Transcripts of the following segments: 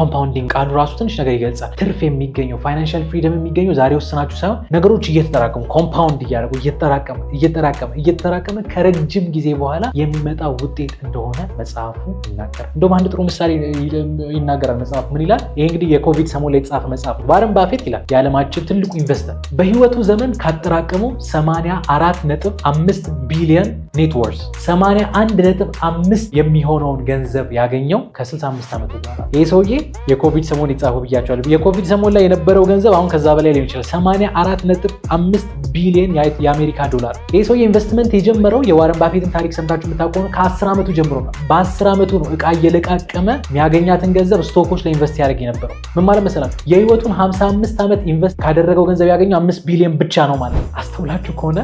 ኮምፓውንዲንግ ቃሉ ራሱ ትንሽ ነገር ይገልጻል። ትርፍ የሚገኘው ፋይናንሻል ፍሪደም የሚገኘው ዛሬ ወስናችሁ ሳይሆን ነገሮች እየተጠራቀሙ ኮምፓውንድ እያደረጉ እየተጠራቀመ እየተጠራቀመ እየተጠራቀመ ከረጅም ጊዜ በኋላ የሚመጣ ውጤት እንደሆነ መጽሐፉ ይናገራል። እንደውም አንድ ጥሩ ምሳሌ ይናገራል መጽሐፉ። ምን ይላል? ይህ እንግዲህ የኮቪድ ሰሞን ላይ የተጻፈ መጽሐፍ ነው። ዋረን ባፌት ይላል የዓለማችን ትልቁ ኢንቨስተር በህይወቱ ዘመን ካጠራቀመው 84.5 ቢሊዮን ኔትወርስ 81.5 የሚሆነውን ገንዘብ ያገኘው ከ65 ዓመት በኋላ ይህ ሰውዬ የኮቪድ ሰሞን ይጻፉ ብያቸዋል። የኮቪድ ሰሞን ላይ የነበረው ገንዘብ አሁን ከዛ በላይ ሊሆን ይችላል። 84.5 ቢሊዮን የአሜሪካ ዶላር። ይህ ሰው የኢንቨስትመንት የጀመረው የዋረን ባፌትን ታሪክ ሰምታችሁ የምታውቀው ከ10 ዓመቱ ጀምሮ ነው። በ10 ዓመቱ ነው እቃ እየለቃቀመ የሚያገኛትን ገንዘብ ስቶኮች ላይ ኢንቨስት ያደርግ የነበረው። ምን ማለት መሰላችሁ? የህይወቱን 55 ዓመት ኢንቨስት ካደረገው ገንዘብ ያገኘው 5 ቢሊዮን ብቻ ነው ማለት ነው። አስተውላችሁ ከሆነ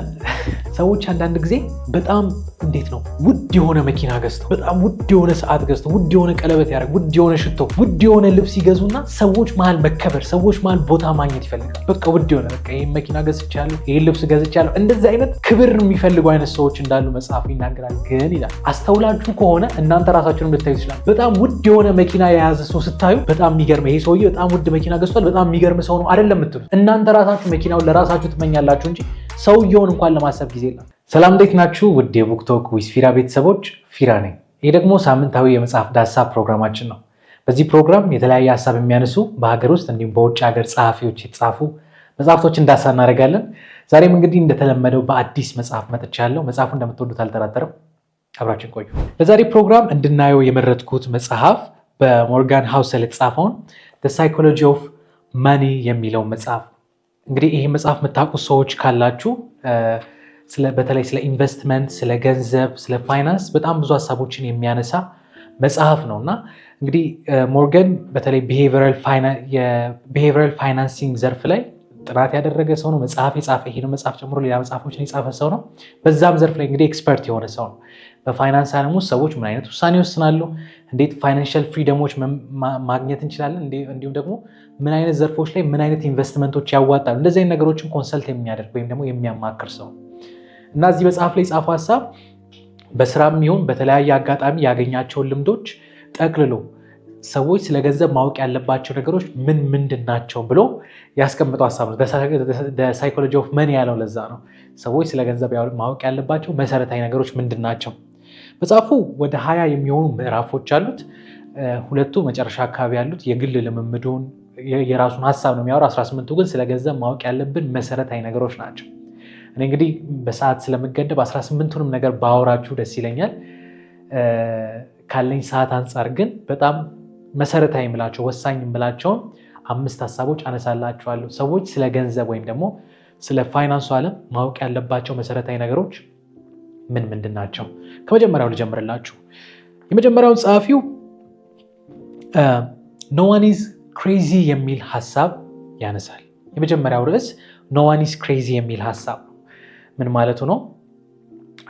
ሰዎች አንዳንድ ጊዜ በጣም እንዴት ነው ውድ የሆነ መኪና ገዝተው፣ በጣም ውድ የሆነ ሰዓት ገዝተው፣ ውድ የሆነ ቀለበት ያደርግ፣ ውድ የሆነ ሽቶ፣ ውድ የሆነ ልብስ ይገዙና ሰዎች መሀል መከበር፣ ሰዎች መሀል ቦታ ማግኘት ይፈልጋል። በቃ ውድ የሆነ በቃ ይህ መኪና ገዝቻለሁ፣ ይህ ልብስ ገዝቻለሁ፣ እንደዚህ አይነት ክብር የሚፈልጉ አይነት ሰዎች እንዳሉ መጽሐፉ ይናገራል። ግን ይላል አስተውላችሁ ከሆነ እናንተ ራሳችሁን ልታዩ ይችላል። በጣም ውድ የሆነ መኪና የያዘ ሰው ስታዩ በጣም የሚገርም ይሄ ሰውዬ በጣም ውድ መኪና ገዝቷል፣ በጣም የሚገርም ሰው ነው አይደለም የምትሉት እናንተ ራሳችሁ መኪናውን ለራሳችሁ ትመኛላችሁ እንጂ ሰውየውን እንኳን ለማሰብ ጊዜ የለም። ሰላም እንዴት ናችሁ? ውድ የቡክቶክ ዊዝ ፊራ ቤተሰቦች ፊራ ነኝ። ይህ ደግሞ ሳምንታዊ የመጽሐፍ ዳሰሳ ፕሮግራማችን ነው። በዚህ ፕሮግራም የተለያየ ሀሳብ የሚያነሱ በሀገር ውስጥ እንዲሁም በውጭ ሀገር ጸሐፊዎች የተጻፉ መጽሐፍቶች እንዳሳ እናደርጋለን። ዛሬም እንግዲህ እንደተለመደው በአዲስ መጽሐፍ መጥቻለሁ። መጽሐፉ እንደምትወዱት አልጠራጠርም። አብራችን ቆዩ። ለዛሬ ፕሮግራም እንድናየው የመረጥኩት መጽሐፍ በሞርጋን ሃውሰል የተጻፈውን ሳይኮሎጂ ኦፍ ማኒ የሚለው መጽሐፍ እንግዲህ ይህ መጽሐፍ የምታውቁ ሰዎች ካላችሁ በተለይ ስለ ኢንቨስትመንት፣ ስለ ገንዘብ፣ ስለ ፋይናንስ በጣም ብዙ ሀሳቦችን የሚያነሳ መጽሐፍ ነው እና እንግዲህ ሞርገን በተለይ የቢሄቨራል ፋይናንሲንግ ዘርፍ ላይ ጥናት ያደረገ ሰው ነው። መጽሐፍ የጻፈ ይሄ ነው መጽሐፍ ጨምሮ ሌላ መጽሐፎችን የጻፈ ሰው ነው። በዛም ዘርፍ ላይ እንግዲህ ኤክስፐርት የሆነ ሰው ነው። በፋይናንስ ዓለም ውስጥ ሰዎች ምን አይነት ውሳኔ ይወስናሉ፣ እንዴት ፋይናንሻል ፍሪደሞች ማግኘት እንችላለን፣ እንዲሁም ደግሞ ምን አይነት ዘርፎች ላይ ምን አይነት ኢንቨስትመንቶች ያዋጣሉ፣ እንደዚህ አይነት ነገሮችን ኮንሰልት የሚያደርግ ወይም ደግሞ የሚያማክር ሰው እና እዚህ መጽሐፍ ላይ የጻፈው ሀሳብ በስራም ይሁን በተለያየ አጋጣሚ ያገኛቸውን ልምዶች ጠቅልሎ ሰዎች ስለ ገንዘብ ማወቅ ያለባቸው ነገሮች ምን ምንድን ናቸው ብሎ ያስቀምጠው ሀሳብ ነው። ሳይኮሎጂ ኦፍ መኒ ያለው ለዛ ነው። ሰዎች ስለ ገንዘብ ማወቅ ያለባቸው መሰረታዊ ነገሮች ምንድን ናቸው? መጽሐፉ ወደ ሀያ የሚሆኑ ምዕራፎች አሉት። ሁለቱ መጨረሻ አካባቢ ያሉት የግል ልምምዱን የራሱን ሀሳብ ነው የሚያወር። 18ቱ ግን ስለ ገንዘብ ማወቅ ያለብን መሰረታዊ ነገሮች ናቸው። እኔ እንግዲህ በሰዓት ስለምገደብ 18ቱንም ነገር ባወራችሁ ደስ ይለኛል። ካለኝ ሰዓት አንጻር ግን በጣም መሰረታዊ የምላቸው ወሳኝ የምላቸውን አምስት ሀሳቦች አነሳላችኋለሁ። ሰዎች ስለ ገንዘብ ወይም ደግሞ ስለ ፋይናንሱ አለም ማወቅ ያለባቸው መሰረታዊ ነገሮች ምን ምንድን ናቸው? ከመጀመሪያው ልጀምርላችሁ። የመጀመሪያውን ጸሐፊው ኖዋኒዝ ክሬዚ የሚል ሀሳብ ያነሳል። የመጀመሪያው ርዕስ ኖዋኒስ ክሬዚ የሚል ሀሳብ ምን ማለቱ ነው?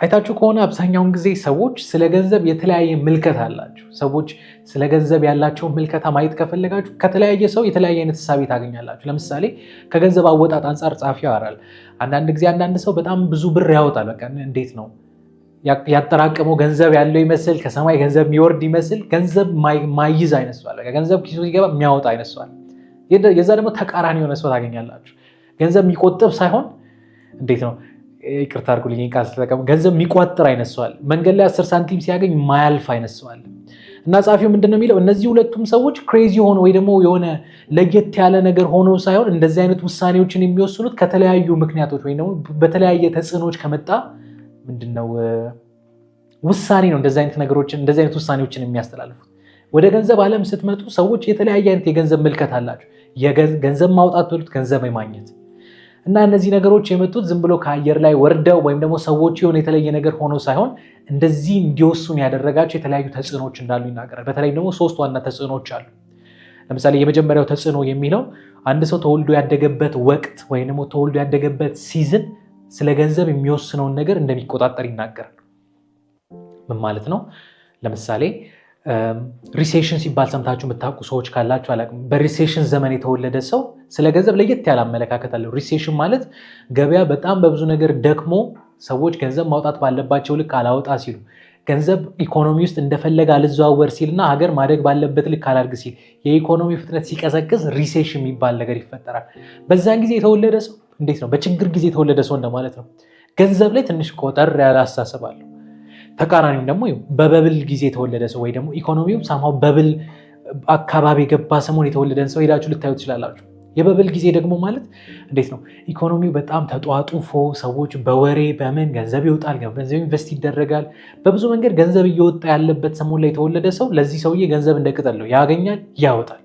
አይታችሁ ከሆነ አብዛኛውን ጊዜ ሰዎች ስለ ገንዘብ የተለያየ ምልከት አላቸው። ሰዎች ስለ ገንዘብ ያላቸውን ምልከታ ማየት ከፈለጋችሁ ከተለያየ ሰው የተለያየ አይነት እሳቤ ታገኛላችሁ። ለምሳሌ ከገንዘብ አወጣት አንጻር ጻፊ ያወራል። አንዳንድ ጊዜ አንዳንድ ሰው በጣም ብዙ ብር ያወጣል። በቃ እንዴት ነው ያጠራቀመው ገንዘብ ያለው ይመስል ከሰማይ ገንዘብ የሚወርድ ይመስል ገንዘብ ማይዝ አይነሷል። ገንዘብ ኪሱ ሲገባ የሚያወጣ አይነሷል። የዛ ደግሞ ተቃራኒ የሆነ ሰው ታገኛላችሁ። ገንዘብ የሚቆጥብ ሳይሆን እንዴት ነው ይቅርታ አድርጉልኝ ቃል ስለተጠቀሙ ገንዘብ የሚቋጥር አይነት መንገድ ላይ አስር ሳንቲም ሲያገኝ ማያልፍ አይነት እና ጸሐፊው ምንድን ነው የሚለው እነዚህ ሁለቱም ሰዎች ክሬዚ ሆነ ወይ ደግሞ የሆነ ለየት ያለ ነገር ሆኖ ሳይሆን እንደዚህ አይነት ውሳኔዎችን የሚወስኑት ከተለያዩ ምክንያቶች ወይም ደግሞ በተለያየ ተጽዕኖች ከመጣ ምንድነው ነው ውሳኔ ነው እንደዚህ አይነት ነገሮችን እንደዚህ አይነት ውሳኔዎችን የሚያስተላልፉት። ወደ ገንዘብ አለም ስትመጡ ሰዎች የተለያየ አይነት የገንዘብ ምልከት አላቸው። ገንዘብ ማውጣት በሉት ገንዘብ የማግኘት እና እነዚህ ነገሮች የመጡት ዝም ብሎ ከአየር ላይ ወርደው ወይም ደግሞ ሰዎች የሆነ የተለየ ነገር ሆኖ ሳይሆን እንደዚህ እንዲወሱን ያደረጋቸው የተለያዩ ተጽዕኖች እንዳሉ ይናገራል። በተለይም ደግሞ ሶስት ዋና ተጽዕኖዎች አሉ። ለምሳሌ የመጀመሪያው ተጽዕኖ የሚለው አንድ ሰው ተወልዶ ያደገበት ወቅት ወይም ደግሞ ተወልዶ ያደገበት ሲዝን ስለ ገንዘብ የሚወስነውን ነገር እንደሚቆጣጠር ይናገራል። ምን ማለት ነው? ለምሳሌ ሪሴሽን um, ሲባል ሰምታችሁ የምታውቁ ሰዎች ካላችሁ አላቅም በሪሴሽን ዘመን የተወለደ ሰው ስለ ገንዘብ ለየት ያለ አመለካከት አለው። ሪሴሽን ማለት ገበያ በጣም በብዙ ነገር ደክሞ ሰዎች ገንዘብ ማውጣት ባለባቸው ልክ አላወጣ ሲሉ ገንዘብ ኢኮኖሚ ውስጥ እንደፈለገ አልዘዋወር ሲል እና ሀገር ማደግ ባለበት ልክ አላድግ ሲል የኢኮኖሚ ፍጥነት ሲቀዘቅዝ ሪሴሽን የሚባል ነገር ይፈጠራል። በዛን ጊዜ የተወለደ ሰው እንዴት ነው? በችግር ጊዜ የተወለደ ሰው እንደማለት ነው። ገንዘብ ላይ ትንሽ ቆጠር ያለ ተቃራኒም ደግሞ በበብል ጊዜ የተወለደ ሰው ወይ ደግሞ ኢኮኖሚው ሳምሃው በብል አካባቢ የገባ ሰሞን የተወለደን ሰው ሄዳችሁ ልታዩ ትችላላችሁ። የበብል ጊዜ ደግሞ ማለት እንዴት ነው? ኢኮኖሚው በጣም ተጧጡፎ ሰዎች በወሬ በምን ገንዘብ ይወጣል፣ ገንዘብ ኢንቨስት ይደረጋል፣ በብዙ መንገድ ገንዘብ እየወጣ ያለበት ሰሞን ላይ የተወለደ ሰው ለዚህ ሰውዬ ገንዘብ እንደቅጠል ያገኛል፣ ያወጣል።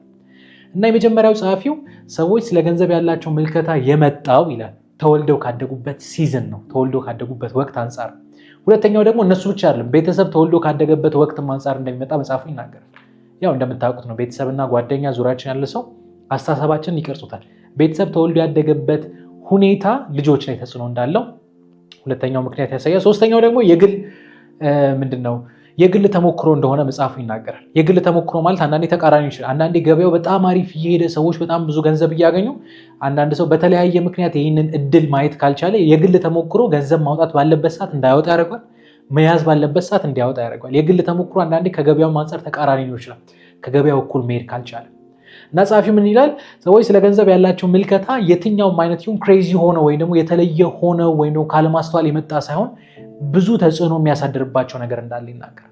እና የመጀመሪያው ጸሐፊው ሰዎች ስለ ገንዘብ ያላቸው ምልከታ የመጣው ይላል ተወልደው ካደጉበት ሲዝን ነው፣ ተወልደው ካደጉበት ወቅት አንጻር ሁለተኛው ደግሞ እነሱ ብቻ አይደለም፣ ቤተሰብ ተወልዶ ካደገበት ወቅትም አንጻር እንደሚመጣ መጻፉ ይናገራል። ያው እንደምታውቁት ነው ቤተሰብና ጓደኛ ዙሪያችን ያለ ሰው አስተሳሰባችን ይቀርጹታል። ቤተሰብ ተወልዶ ያደገበት ሁኔታ ልጆች ላይ ተጽዕኖ እንዳለው ሁለተኛው ምክንያት ያሳያል። ሶስተኛው ደግሞ የግል ምንድን ነው የግል ተሞክሮ እንደሆነ መጽሐፉ ይናገራል። የግል ተሞክሮ ማለት አንዳንዴ ተቃራኒ ይችላል። አንዳንዴ ገበያው በጣም አሪፍ እየሄደ ሰዎች በጣም ብዙ ገንዘብ እያገኙ፣ አንዳንድ ሰው በተለያየ ምክንያት ይህንን እድል ማየት ካልቻለ የግል ተሞክሮ ገንዘብ ማውጣት ባለበት ሰዓት እንዳያወጣ ያደርጓል፣ መያዝ ባለበት ሰዓት እንዲያወጣ ያደርጓል። የግል ተሞክሮ አንዳንዴ ከገበያው አንጻር ተቃራኒ ነው ይችላል፣ ከገበያው እኩል መሄድ ካልቻለ እና ጸሐፊ ምን ይላል? ሰዎች ስለ ገንዘብ ያላቸው ምልከታ የትኛውም አይነት ይሁን ክሬዚ ሆነ ወይም ደግሞ የተለየ ሆነ ወይም ደግሞ ካለማስተዋል የመጣ ሳይሆን ብዙ ተጽዕኖ የሚያሳድርባቸው ነገር እንዳለ ይናገራል።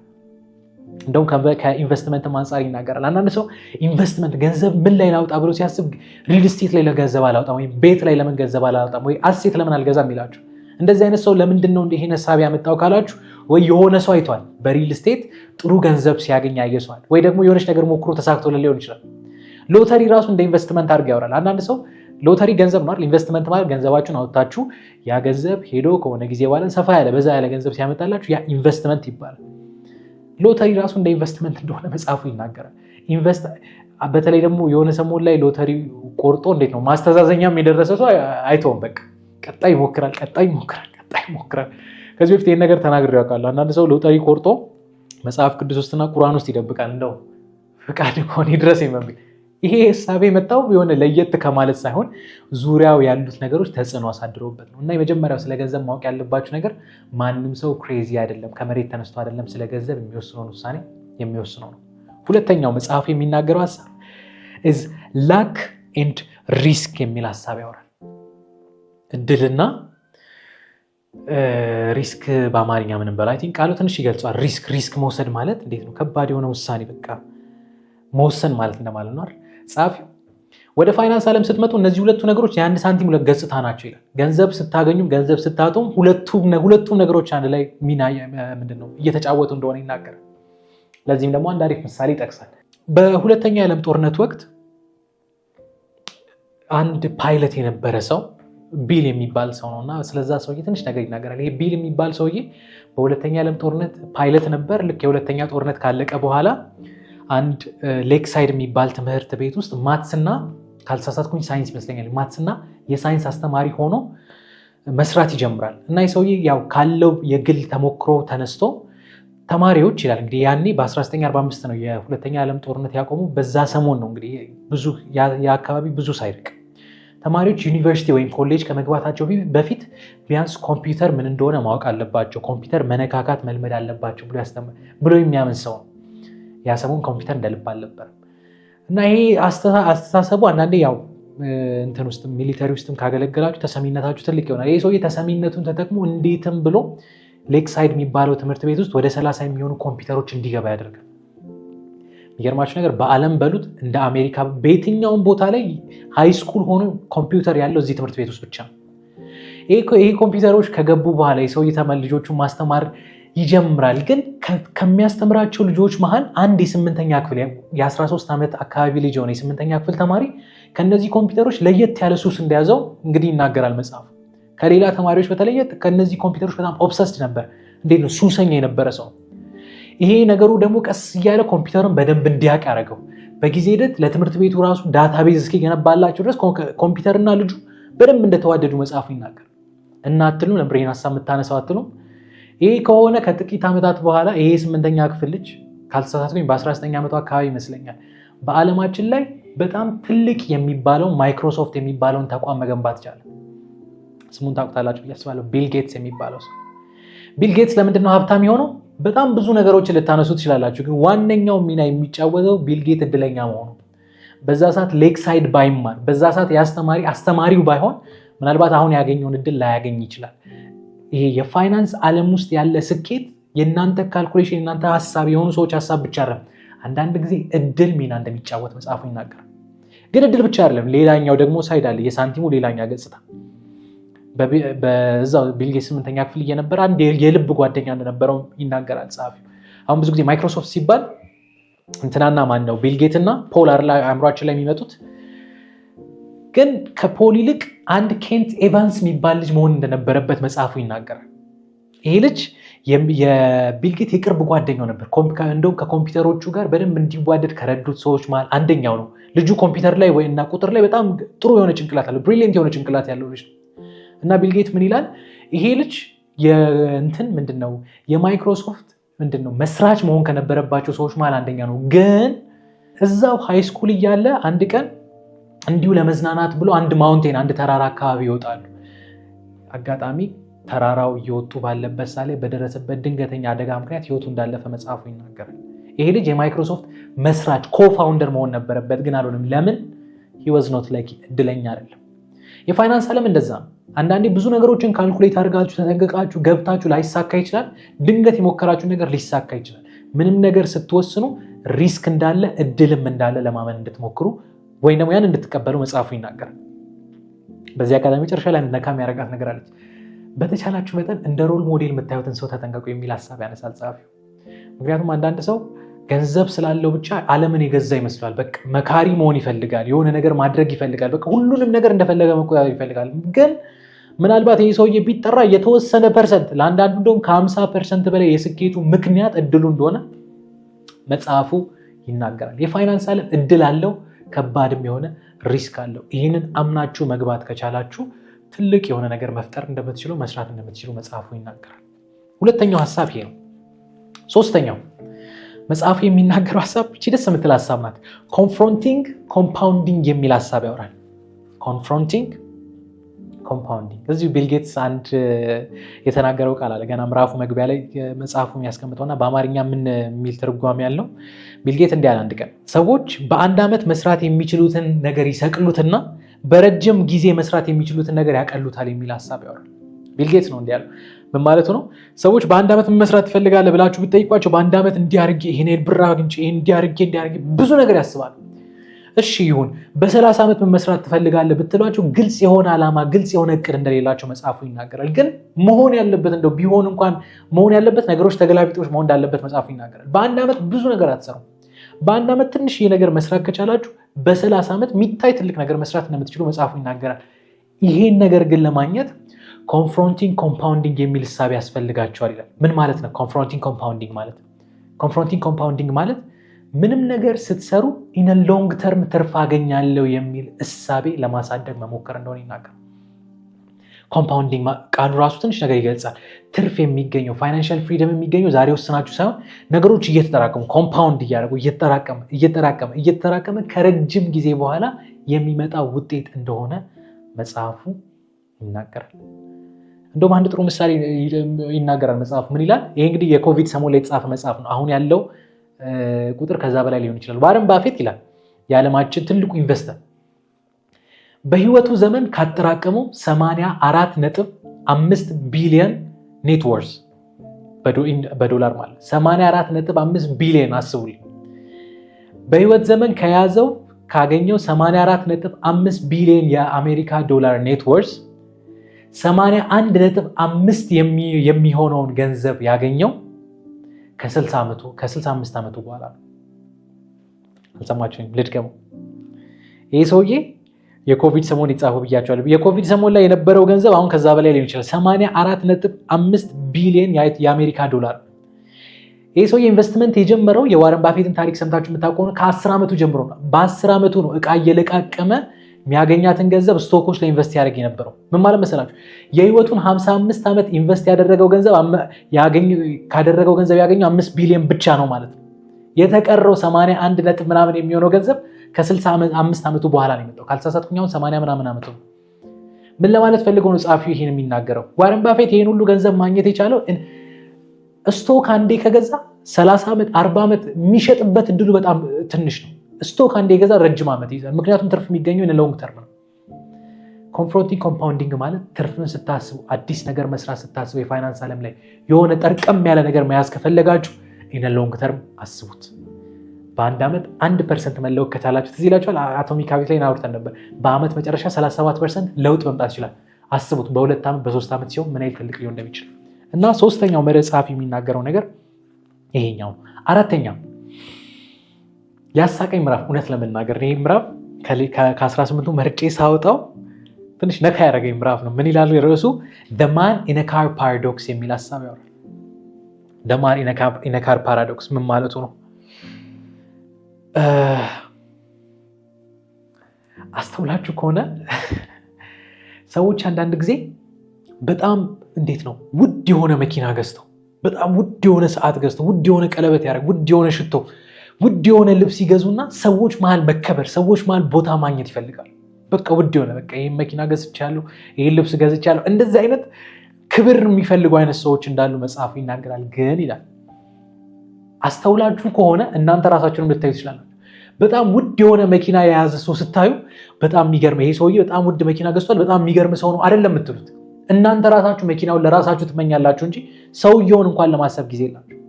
እንደውም ከኢንቨስትመንት አንጻር ይናገራል። አንዳንድ ሰው ኢንቨስትመንት ገንዘብ ምን ላይ ላውጣ ብሎ ሲያስብ ሪል ስቴት ላይ ለገንዘብ አላውጣም ወይም ቤት ላይ ለምን ገንዘብ አላውጣም ወይ አሴት ለምን አልገዛም ይላችሁ። እንደዚህ አይነት ሰው ለምንድን ነው ይሄን ሀሳብ ያመጣው ካላችሁ፣ ወይ የሆነ ሰው አይቷል በሪል ስቴት ጥሩ ገንዘብ ሲያገኝ ያየሰዋል፣ ወይ ደግሞ የሆነች ነገር ሞክሮ ተሳክቶ ሊሆን ይችላል። ሎተሪ ራሱ እንደ ኢንቨስትመንት አድርገ ያወራል። አንዳንድ ሰው ሎተሪ ገንዘብ ነው ኢንቨስትመንት ማለት ገንዘባችሁን አወጣችሁ ያ ገንዘብ ሄዶ ከሆነ ጊዜ በኋላ ሰፋ ያለ በዛ ያለ ገንዘብ ሲያመጣላችሁ ያ ኢንቨስትመንት ይባላል። ሎተሪ ራሱ እንደ ኢንቨስትመንት እንደሆነ መጽሐፉ ይናገራል። ኢንቨስት በተለይ ደግሞ የሆነ ሰሞን ላይ ሎተሪ ቆርጦ እንዴት ነው ማስተዛዘኛም የደረሰ ሰው አይተውም። በቃ ቀጣይ ይሞክራል፣ ቀጣ ይሞክራል፣ ቀጣ ይሞክራል። ከዚህ በፊት ይህን ነገር ተናግሬ ያውቃሉ አንዳንድ ሰው ሎተሪ ቆርጦ መጽሐፍ ቅዱስ ውስጥና ቁርአን ውስጥ ይደብቃል። እንደው ፍቃድ ከሆነ ድረስ ይመብል ይሄ ሀሳቤ የመጣው የሆነ ለየት ከማለት ሳይሆን ዙሪያው ያሉት ነገሮች ተጽዕኖ አሳድሮበት ነው እና የመጀመሪያው ስለ ገንዘብ ማወቅ ያለባችሁ ነገር ማንም ሰው ክሬዚ አይደለም፣ ከመሬት ተነስቶ አይደለም ስለ ገንዘብ የሚወስነውን ውሳኔ የሚወስነው ነው። ሁለተኛው መጽሐፍ የሚናገረው ሀሳብ ኢዝ ላክ ኤንድ ሪስክ የሚል ሀሳብ ያወራል። እድልና ሪስክ በአማርኛ ምንም በላይ ቲንክ ቃሉ ትንሽ ይገልጿል። ሪስክ ሪስክ መውሰድ ማለት እንዴት ነው? ከባድ የሆነ ውሳኔ በቃ መወሰን ማለት እንደማለት ነው ጸሐፊው ወደ ፋይናንስ ዓለም ስትመጡ እነዚህ ሁለቱ ነገሮች የአንድ ሳንቲም ሁለት ገጽታ ናቸው ይላል። ገንዘብ ስታገኙም ገንዘብ ስታጡም ሁለቱም ነገሮች አንድ ላይ ሚና ምንድን ነው እየተጫወቱ እንደሆነ ይናገራል። ለዚህም ደግሞ አንድ አሪፍ ምሳሌ ይጠቅሳል። በሁለተኛ የዓለም ጦርነት ወቅት አንድ ፓይለት የነበረ ሰው ቢል የሚባል ሰው ነው እና ስለዛ ሰውዬ ትንሽ ነገር ይናገራል። ይሄ ቢል የሚባል ሰውዬ በሁለተኛ የዓለም ጦርነት ፓይለት ነበር። ልክ የሁለተኛ ጦርነት ካለቀ በኋላ አንድ ሌክሳይድ የሚባል ትምህርት ቤት ውስጥ ማትስና ካልተሳሳትኩኝ ሳይንስ ይመስለኛል ማትስና የሳይንስ አስተማሪ ሆኖ መስራት ይጀምራል እና የሰውዬ ያው ካለው የግል ተሞክሮ ተነስቶ ተማሪዎች ይላል እንግዲህ ያኔ በ1945 ነው የሁለተኛ ዓለም ጦርነት ያቆሙ በዛ ሰሞን ነው እንግዲህ ብዙ የአካባቢ ብዙ ሳይርቅ ተማሪዎች ዩኒቨርሲቲ ወይም ኮሌጅ ከመግባታቸው በፊት ቢያንስ ኮምፒውተር ምን እንደሆነ ማወቅ አለባቸው፣ ኮምፒውተር መነካካት መልመድ አለባቸው ብሎ የሚያምን ሰው ነው። ያሰቡን ኮምፒውተር እንደልብ አልነበርም እና ይሄ አስተሳሰቡ አንዳንዴ ያው እንትን ውስጥም ሚሊተሪ ውስጥም ካገለገላችሁ ተሰሚነታችሁ ትልቅ ይሆናል። ይህ ሰውዬ ተሰሚነቱን ተጠቅሞ እንዴትም ብሎ ሌክሳይድ የሚባለው ትምህርት ቤት ውስጥ ወደ ሰላሳ የሚሆኑ ኮምፒውተሮች እንዲገባ ያደርጋል። የሚገርማችሁ ነገር በአለም በሉት እንደ አሜሪካ በየትኛውን ቦታ ላይ ሃይስኩል ሆኖ ኮምፒውተር ያለው እዚህ ትምህርት ቤት ውስጥ ብቻ ይሄ ኮምፒውተሮች ከገቡ በኋላ የሰው ተመ ማስተማር ይጀምራል። ግን ከሚያስተምራቸው ልጆች መሀል አንድ የስምንተኛ ክፍል የ13 ዓመት አካባቢ ልጅ የሆነ የስምንተኛ ክፍል ተማሪ ከነዚህ ኮምፒውተሮች ለየት ያለ ሱስ እንደያዘው እንግዲህ ይናገራል መጽሐፉ። ከሌላ ተማሪዎች በተለየ ከነዚህ ኮምፒውተሮች በጣም ኦብሰስድ ነበር። እንዴት ነው ሱሰኛ የነበረ ሰው። ይሄ ነገሩ ደግሞ ቀስ እያለ ኮምፒውተርን በደንብ እንዲያቅ ያደረገው በጊዜ ሂደት ለትምህርት ቤቱ ራሱ ዳታቤዝ ገነባላቸው ድረስ ኮምፒውተርና ልጁ በደንብ እንደተዋደዱ መጽሐፉ ይናገር እና አትሉም ነበር ሀሳብ የምታነሳው አትሉም ይሄ ከሆነ ከጥቂት ዓመታት በኋላ ይሄ ስምንተኛ ክፍል ልጅ ካልተሳሳትኩኝ በ19 ዓመቱ አካባቢ ይመስለኛል በዓለማችን ላይ በጣም ትልቅ የሚባለው ማይክሮሶፍት የሚባለውን ተቋም መገንባት ቻለ። ስሙን ታቁታላቸው ብዬ ቢል ጌትስ የሚባለው ሰው። ቢል ጌትስ ለምንድነው ሀብታም የሆነው? በጣም ብዙ ነገሮች ልታነሱ ትችላላችሁ፣ ግን ዋነኛው ሚና የሚጫወተው ቢልጌት እድለኛ መሆኑ በዛ ሰዓት ሌክሳይድ ባይማር በዛ ሰዓት የአስተማሪ አስተማሪው ባይሆን ምናልባት አሁን ያገኘውን እድል ላያገኝ ይችላል። ይሄ የፋይናንስ ዓለም ውስጥ ያለ ስኬት የእናንተ ካልኩሌሽን የእናንተ ሀሳብ የሆኑ ሰዎች ሀሳብ ብቻ አይደለም። አንዳንድ ጊዜ እድል ሚና እንደሚጫወት መጽሐፉ ይናገራል። ግን እድል ብቻ አይደለም። ሌላኛው ደግሞ ሳይድ አለ፣ የሳንቲሙ ሌላኛ ገጽታ። በዛው ቢልጌ ስምንተኛ ክፍል እየነበረ አንድ የልብ ጓደኛ እንደነበረው ይናገራል ጸሐፊው። አሁን ብዙ ጊዜ ማይክሮሶፍት ሲባል እንትናና ማን ነው ቢልጌት እና ፖል አምሯችን ላይ የሚመጡት ግን ከፖል ይልቅ አንድ ኬንት ኤቫንስ የሚባል ልጅ መሆን እንደነበረበት መጽሐፉ ይናገራል። ይሄ ልጅ የቢልጌት የቅርብ ጓደኛው ነበር። እንደውም ከኮምፒውተሮቹ ጋር በደንብ እንዲዋደድ ከረዱት ሰዎች መሃል አንደኛው ነው። ልጁ ኮምፒውተር ላይ ወይና ቁጥር ላይ በጣም ጥሩ የሆነ ጭንቅላት አለ ብሪሊየንት የሆነ ጭንቅላት ያለው ልጅ ነው እና ቢልጌት ምን ይላል? ይሄ ልጅ የእንትን ምንድን ነው የማይክሮሶፍት ምንድን ነው መስራች መሆን ከነበረባቸው ሰዎች መሃል አንደኛ ነው። ግን እዛው ሃይስኩል እያለ አንድ ቀን እንዲሁ ለመዝናናት ብሎ አንድ ማውንቴን አንድ ተራራ አካባቢ ይወጣሉ። አጋጣሚ ተራራው እየወጡ ባለበት ሳ ላይ በደረሰበት ድንገተኛ አደጋ ምክንያት ህይወቱ እንዳለፈ መጽሐፉ ይናገራል። ይሄ ልጅ የማይክሮሶፍት መስራች ኮፋውንደር መሆን ነበረበት፣ ግን አልሆንም። ለምን ሂወዝ ኖት እድለኛ አይደለም። የፋይናንስ አለም እንደዛ ነው። አንዳንዴ ብዙ ነገሮችን ካልኩሌት አድርጋችሁ ተጠንቀቃችሁ ገብታችሁ ላይሳካ ይችላል። ድንገት የሞከራችሁ ነገር ሊሳካ ይችላል። ምንም ነገር ስትወስኑ ሪስክ እንዳለ እድልም እንዳለ ለማመን እንድትሞክሩ ወይም ደግሞ ያን እንድትቀበሉ መጽሐፉ ይናገራል። በዚህ አካዳሚ መጨረሻ ላይ ነካ የሚያደርጋት ነገር አለች። በተቻላችሁ መጠን እንደ ሮል ሞዴል የምታዩትን ሰው ተጠንቀቁ የሚል ሀሳብ ያነሳል ጸሐፊ ምክንያቱም አንዳንድ ሰው ገንዘብ ስላለው ብቻ አለምን የገዛ ይመስላል። በቃ መካሪ መሆን ይፈልጋል፣ የሆነ ነገር ማድረግ ይፈልጋል፣ በቃ ሁሉንም ነገር እንደፈለገ መቆጣጠር ይፈልጋል። ግን ምናልባት ይህ ሰውዬ ቢጠራ የተወሰነ ፐርሰንት ለአንዳንዱ እንደውም ከሀምሳ ፐርሰንት በላይ የስኬቱ ምክንያት እድሉ እንደሆነ መጽሐፉ ይናገራል። የፋይናንስ አለም እድል አለው ከባድም የሆነ ሪስክ አለው። ይህንን አምናችሁ መግባት ከቻላችሁ ትልቅ የሆነ ነገር መፍጠር እንደምትችሉ መስራት እንደምትችሉ መጽሐፉ ይናገራል። ሁለተኛው ሀሳብ ይሄ ነው። ሶስተኛው መጽሐፉ የሚናገረው ሀሳብ እቺ ደስ የምትል ሀሳብ ናት። ኮንፍሮንቲንግ ኮምፓውንዲንግ የሚል ሀሳብ ያወራል። ኮንፍሮንቲንግ ኮምፓውንዲንግ እዚሁ ቢልጌትስ አንድ የተናገረው ቃል አለ። ገና ምዕራፉ መግቢያ ላይ መጽሐፉ የሚያስቀምጠውና በአማርኛ ምን የሚል ትርጓሚ ያለው ቢልጌት እንዲህ ያለ አንድ ቀን ሰዎች በአንድ ዓመት መስራት የሚችሉትን ነገር ይሰቅሉትና በረጅም ጊዜ መስራት የሚችሉትን ነገር ያቀሉታል የሚል ሀሳብ ያወራል። ቢልጌት ነው እንዲያለ ምን ማለቱ ነው? ሰዎች በአንድ ዓመት ምን መስራት ትፈልጋለ ብላችሁ ብትጠይቋቸው በአንድ ዓመት እንዲያርጌ ይሄን ብር አግኝቼ ይሄን እንዲያርጌ እንዲያርጌ ብዙ ነገር ያስባሉ። እሺ ይሁን በሰላሳ ዓመት ምን መስራት ትፈልጋለህ ብትሏቸው ግልጽ የሆነ ዓላማ ግልጽ የሆነ እቅድ እንደሌላቸው መጽሐፉ ይናገራል። ግን መሆን ያለበት እንደው ቢሆን እንኳን መሆን ያለበት ነገሮች ተገላቢጦች መሆን እንዳለበት መጽሐፉ ይናገራል። በአንድ ዓመት ብዙ ነገር አትሰሩ። በአንድ ዓመት ትንሽ ነገር መስራት ከቻላችሁ በሰላሳ ዓመት የሚታይ ትልቅ ነገር መስራት እንደምትችሉ መጽሐፉ ይናገራል። ይሄን ነገር ግን ለማግኘት ኮንፍሮንቲንግ ኮምፓውንዲንግ የሚል እሳቤ ያስፈልጋቸዋል ይላል። ምን ማለት ነው? ኮንፍሮንቲንግ ኮምፓውንዲንግ ማለት ኮንፍሮንቲንግ ኮምፓውንዲንግ ማለት ምንም ነገር ስትሰሩ ኢነ ሎንግ ተርም ትርፍ አገኛለው የሚል እሳቤ ለማሳደግ መሞከር እንደሆነ ይናገራል። ኮምፓውንዲንግ ቃሉ ራሱ ትንሽ ነገር ይገልጻል። ትርፍ የሚገኘው ፋይናንሻል ፍሪደም የሚገኘው ዛሬ ወስናችሁ ሳይሆን ነገሮች እየተጠራቀሙ ኮምፓውንድ እያደረጉ እየተጠራቀመ እየተጠራቀመ እየተጠራቀመ ከረጅም ጊዜ በኋላ የሚመጣ ውጤት እንደሆነ መጽሐፉ ይናገራል። እንደውም አንድ ጥሩ ምሳሌ ይናገራል መጽሐፉ ምን ይላል? ይሄ እንግዲህ የኮቪድ ሰሞን ላይ የተጻፈ መጽሐፍ ነው። አሁን ያለው ቁጥር ከዛ በላይ ሊሆን ይችላል። ዋረን ባፌት ይላል የዓለማችን ትልቁ ኢንቨስተር በህይወቱ ዘመን ካጠራቀመው 84 ነጥብ 5 ቢሊዮን ኔትወርስ በዶላር ማለት 84 ነጥብ 5 ቢሊዮን አስቡልኝ። በህይወት ዘመን ከያዘው ካገኘው 84 ነጥብ 5 ቢሊዮን የአሜሪካ ዶላር ኔትወርስ 81 ነጥብ 5 የሚሆነውን ገንዘብ ያገኘው ከ ዓመቱ 65 ዓመቱ በኋላ አልሰማቸው ልድገሙ ይህ ሰውዬ የኮቪድ ሰሞን ይጻፉ ብያቸዋለሁ። የኮቪድ ሰሞን ላይ የነበረው ገንዘብ አሁን ከዛ በላይ ሊሆን ይችላል። 84 ቢሊዮን የአሜሪካ ዶላር። ይህ ሰውዬ ኢንቨስትመንት የጀመረው የዋረን ባፌትን ታሪክ ሰምታችሁ የምታቆኑ ከ10 ዓመቱ ጀምሮ ነው። በ10 ዓመቱ ነው እቃ እየለቃቀመ የሚያገኛትን ገንዘብ ስቶኮች ላይ ኢንቨስት ያደርግ የነበረው ምን ማለት መሰላችሁ? የህይወቱን 55 ዓመት ኢንቨስት ያደረገው ገንዘብ ካደረገው ገንዘብ ያገኘው 5 ቢሊዮን ብቻ ነው ማለት ነው። የተቀረው 81 ነጥብ ምናምን የሚሆነው ገንዘብ ከ65 ዓመቱ በኋላ ነው የመጣው። ካልተሳሳትኩኝ አሁን 80 ምናምን ዓመቱ ነው። ምን ለማለት ፈልገው ነው ጸሐፊው ይህን የሚናገረው? ዋረን ባፌት ይህን ሁሉ ገንዘብ ማግኘት የቻለው ስቶክ አንዴ ከገዛ 30 ዓመት 40 ዓመት የሚሸጥበት እድሉ በጣም ትንሽ ነው። ስቶክ አንድ የገዛ ረጅም ዓመት ይዛል ምክንያቱም ትርፍ የሚገኘው ሎንግ ተርም ነው። ኮንፍሮንቲንግ ኮምፓውንዲንግ ማለት ትርፍን ስታስቡ፣ አዲስ ነገር መስራት ስታስቡ፣ የፋይናንስ ዓለም ላይ የሆነ ጠርቀም ያለ ነገር መያዝ ከፈለጋችሁ ኢነ ሎንግ ተርም አስቡት። በአንድ ዓመት አንድ ፐርሰንት መለወቅ ከቻላችሁ ትዝ ይላችኋል። አቶሚክ ሀቢት ላይ እናውርተን ነበር። በአመት መጨረሻ 37 ፐርሰንት ለውጥ መምጣት ይችላል። አስቡት በሁለት ዓመት በሶስት ዓመት ሲሆን ምን ይል ትልቅ ሊሆን እንደሚችል እና ሶስተኛው መሪ ጸሐፊ የሚናገረው ነገር ይሄኛው። አራተኛ ያሳቀኝ ምዕራፍ እውነት ለመናገር ይህ ምዕራፍ ከ18ቱ መርጬ ሳወጣው ትንሽ ነካ ያደረገኝ ምዕራፍ ነው። ምን ይላሉ የርዕሱ ደማን ኢነካር ፓራዶክስ የሚል ሀሳብ ያወራል። ደማን ኢነካር ፓራዶክስ ምን ማለቱ ነው? አስተውላችሁ ከሆነ ሰዎች አንዳንድ ጊዜ በጣም እንዴት ነው ውድ የሆነ መኪና ገዝተው፣ በጣም ውድ የሆነ ሰዓት ገዝተው፣ ውድ የሆነ ቀለበት ያደረግ፣ ውድ የሆነ ሽቶ ውድ የሆነ ልብስ ይገዙና ሰዎች መሀል መከበር፣ ሰዎች መሀል ቦታ ማግኘት ይፈልጋሉ። በቃ ውድ የሆነ በቃ ይህን መኪና ገዝቻለሁ፣ ይህን ልብስ ገዝቻለሁ፣ እንደዚህ አይነት ክብር የሚፈልጉ አይነት ሰዎች እንዳሉ መጽሐፉ ይናገራል። ግን ይላል አስተውላችሁ ከሆነ እናንተ ራሳችሁን ልታዩ ትችላላችሁ። በጣም ውድ የሆነ መኪና የያዘ ሰው ስታዩ በጣም የሚገርም ይሄ ሰውዬ በጣም ውድ መኪና ገዝቷል፣ በጣም የሚገርም ሰው ነው አይደለም የምትሉት። እናንተ ራሳችሁ መኪናውን ለራሳችሁ ትመኛላችሁ እንጂ ሰውየውን እንኳን ለማሰብ ጊዜ የላችሁ።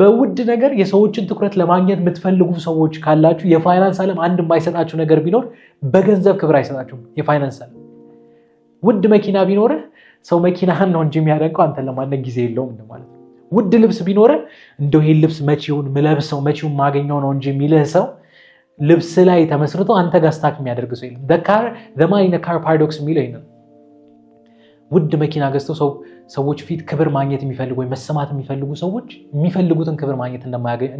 በውድ ነገር የሰዎችን ትኩረት ለማግኘት የምትፈልጉ ሰዎች ካላችሁ የፋይናንስ ዓለም አንድ የማይሰጣችሁ ነገር ቢኖር በገንዘብ ክብር አይሰጣችሁም። የፋይናንስ ዓለም ውድ መኪና ቢኖርህ ሰው መኪናህን ነው እንጂ የሚያደንቀው አንተን ለማድነቅ ጊዜ የለውም ማለት ነው። ውድ ልብስ ቢኖርህ እንደው ይህ ልብስ መቼውን ምለብሰው መቼውን ማገኘው ነው እንጂ የሚልህ ሰው ልብስ ላይ ተመስርቶ አንተ ጋር ስታክ የሚያደርግ ሰው የለም። ዘ ካር ፓራዶክስ የሚለው ውድ መኪና ገዝተው ሰዎች ፊት ክብር ማግኘት የሚፈልጉ ወይም መሰማት የሚፈልጉ ሰዎች የሚፈልጉትን ክብር ማግኘት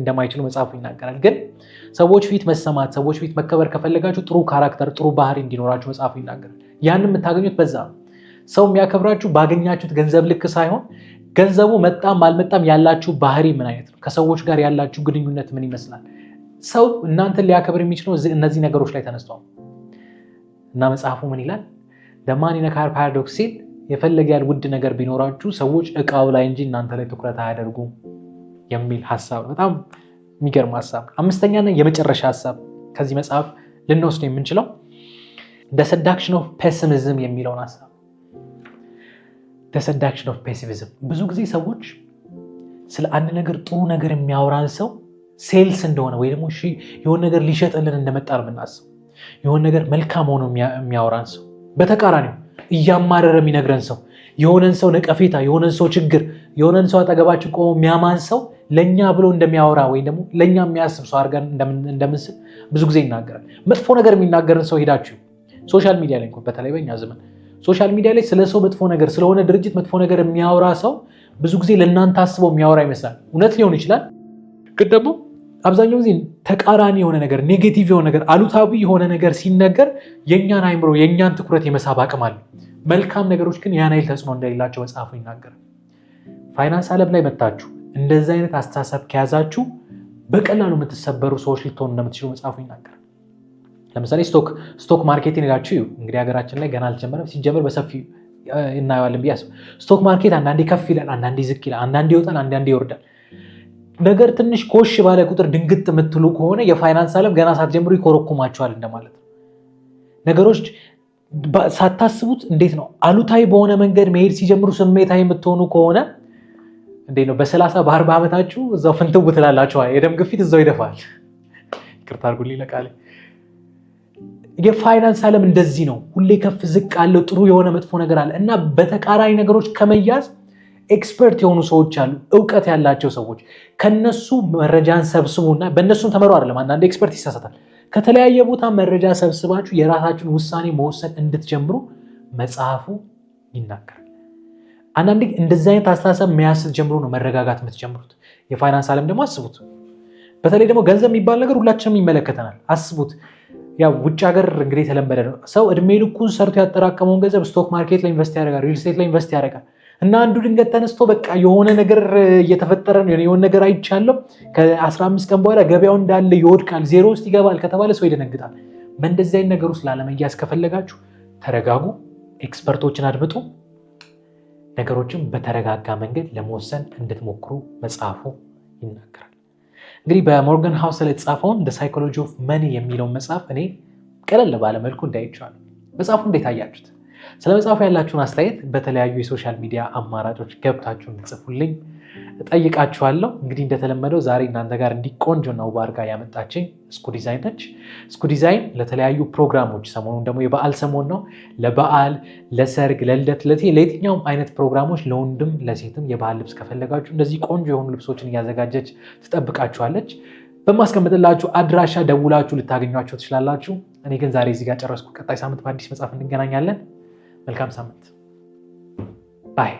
እንደማይችሉ መጽሐፉ ይናገራል። ግን ሰዎች ፊት መሰማት፣ ሰዎች ፊት መከበር ከፈለጋችሁ ጥሩ ካራክተር፣ ጥሩ ባህሪ እንዲኖራችሁ መጽሐፉ ይናገራል። ያን የምታገኙት በዛ ነው። ሰው የሚያከብራችሁ ባገኛችሁት ገንዘብ ልክ ሳይሆን ገንዘቡ መጣም አልመጣም ያላችሁ ባህሪ ምን አይነት ነው? ከሰዎች ጋር ያላችሁ ግንኙነት ምን ይመስላል? ሰው እናንተን ሊያከብር የሚችለው እነዚህ ነገሮች ላይ ተነስተዋል። እና መጽሐፉ ምን ይላል? ደማን ነካር ፓራዶክስ ሲል የፈለገ ያህል ውድ ነገር ቢኖራችሁ ሰዎች እቃው ላይ እንጂ እናንተ ላይ ትኩረት አያደርጉም የሚል ሀሳብ በጣም የሚገርም ሀሳብ። አምስተኛና የመጨረሻ ሀሳብ ከዚህ መጽሐፍ ልንወስድ የምንችለው ደሰዳክሽን ኦፍ ፔሲሚዝም የሚለውን ሀሳብ ደሰዳክሽን ኦፍ ፔሲሚዝም። ብዙ ጊዜ ሰዎች ስለ አንድ ነገር ጥሩ ነገር የሚያወራን ሰው ሴልስ እንደሆነ ወይ ደግሞ የሆን ነገር ሊሸጥልን እንደመጣ ነው የምናስብ የሆን ነገር መልካም ሆኖ የሚያወራን ሰው በተቃራኒው እያማረረ የሚነግረን ሰው፣ የሆነን ሰው ነቀፌታ፣ የሆነን ሰው ችግር፣ የሆነን ሰው አጠገባችን ቆሞ የሚያማን ሰው ለእኛ ብሎ እንደሚያወራ ወይም ደግሞ ለእኛ የሚያስብ ሰው አድርገን እንደምንስል ብዙ ጊዜ ይናገራል። መጥፎ ነገር የሚናገርን ሰው ሄዳችሁ ሶሻል ሚዲያ ላይ በተለይ በእኛ ዘመን ሶሻል ሚዲያ ላይ ስለ ሰው መጥፎ ነገር ስለሆነ ድርጅት መጥፎ ነገር የሚያወራ ሰው ብዙ ጊዜ ለእናንተ አስበው የሚያወራ ይመስላል። እውነት ሊሆን ይችላል ግን ደግሞ አብዛኛው ጊዜ ተቃራኒ የሆነ ነገር ኔጌቲቭ የሆነ ነገር አሉታዊ የሆነ ነገር ሲነገር የእኛን አይምሮ የእኛን ትኩረት የመሳብ አቅም አለ። መልካም ነገሮች ግን ያን ይል ተጽዕኖ እንደሌላቸው መጽሐፉ ይናገር ፋይናንስ ዓለም ላይ መታችሁ እንደዚህ አይነት አስተሳሰብ ከያዛችሁ በቀላሉ የምትሰበሩ ሰዎች ልትሆኑ እንደምትችሉ መጽሐፉ ይናገር። ለምሳሌ ስቶክ ስቶክ ማርኬትን ሄዳችሁ እንግዲህ ሀገራችን ላይ ገና አልጀመረም። ሲጀመር በሰፊ እናየዋለን ብዬ አስብ። ስቶክ ማርኬት አንዳንዴ ከፍ ይላል፣ አንዳንዴ ዝቅ ይላል፣ አንዳንዴ ይወጣል፣ አንዳንዴ ይወርዳል። ነገር ትንሽ ኮሽ ባለ ቁጥር ድንግጥ የምትሉ ከሆነ የፋይናንስ ዓለም ገና ሳትጀምሩ ይኮረኩማቸዋል እንደማለት ነው። ነገሮች ሳታስቡት እንዴት ነው አሉታዊ በሆነ መንገድ መሄድ ሲጀምሩ ስሜታዊ የምትሆኑ ከሆነ እንዴት ነው በሰላሳ በአርባ ዓመታችሁ እዛው ፍንትው ትላላችሁ። የደም ግፊት እዛው ይደፋል። ይቅርታ አድርጉልኝ ለቃሌ። የፋይናንስ ዓለም እንደዚህ ነው። ሁሌ ከፍ ዝቅ አለው። ጥሩ የሆነ መጥፎ ነገር አለ እና በተቃራኒ ነገሮች ከመያዝ ኤክስፐርት የሆኑ ሰዎች አሉ፣ እውቀት ያላቸው ሰዎች። ከነሱ መረጃን ሰብስቡና በእነሱም ተመሩ አይደለም። አንዳንድ ኤክስፐርት ይሳሳታል። ከተለያየ ቦታ መረጃ ሰብስባችሁ የራሳችሁን ውሳኔ መወሰን እንድትጀምሩ መጽሐፉ ይናገራል። አንዳንድ እንደዚህ አይነት አስተሳሰብ መያዝ ስትጀምሩ ነው መረጋጋት የምትጀምሩት። የፋይናንስ ዓለም ደግሞ አስቡት። በተለይ ደግሞ ገንዘብ የሚባል ነገር ሁላችንም ይመለከተናል። አስቡት ያው ውጭ ሀገር እንግዲህ የተለመደ ነው። ሰው እድሜ ልኩን ሰርቶ ያጠራቀመውን ገንዘብ ስቶክ ማርኬት ላይ ኢንቨስት ያደርጋል፣ ሪል ስቴት ላይ ኢንቨስት ያደርጋል። እና አንዱ ድንገት ተነስቶ በቃ የሆነ ነገር እየተፈጠረ ነው፣ የሆነ ነገር አይቻለሁ፣ ከ15 ቀን በኋላ ገበያው እንዳለ ይወድቃል፣ ዜሮ ውስጥ ይገባል ከተባለ ሰው ይደነግጣል። በእንደዚህ አይነት ነገር ውስጥ ላለመያዝ ከፈለጋችሁ ተረጋጉ፣ ኤክስፐርቶችን አድምጡ፣ ነገሮችን በተረጋጋ መንገድ ለመወሰን እንድትሞክሩ መጽሐፉ ይናገራል። እንግዲህ በሞርጋን ላይ የተጻፈውን ደ ሳይኮሎጂ ኦፍ መኒ የሚለውን መጽሐፍ እኔ ቀለል ባለመልኩ እንዳይቸዋል። መጽሐፉ እንዴት አያችሁት? ስለ መጽሐፉ ያላችሁን አስተያየት በተለያዩ የሶሻል ሚዲያ አማራጮች ገብታችሁ እንጽፉልኝ እጠይቃችኋለሁ። እንግዲህ እንደተለመደው ዛሬ እናንተ ጋር እንዲቆንጆ ውብ ያመጣችኝ እስኩ ዲዛይን ነች። እስኩ ዲዛይን ለተለያዩ ፕሮግራሞች ሰሞኑን ደግሞ የበዓል ሰሞን ነው። ለበዓል፣ ለሰርግ፣ ለልደት፣ ለየትኛውም አይነት ፕሮግራሞች ለወንድም ለሴትም የባህል ልብስ ከፈለጋችሁ እንደዚህ ቆንጆ የሆኑ ልብሶችን እያዘጋጀች ትጠብቃችኋለች። በማስቀምጥላችሁ አድራሻ ደውላችሁ ልታገኟቸው ትችላላችሁ። እኔ ግን ዛሬ እዚጋ ጨረስኩ። ቀጣይ ሳምንት በአዲስ መጽሐፍ እንገናኛለን። መልካም ሳምንት ባይ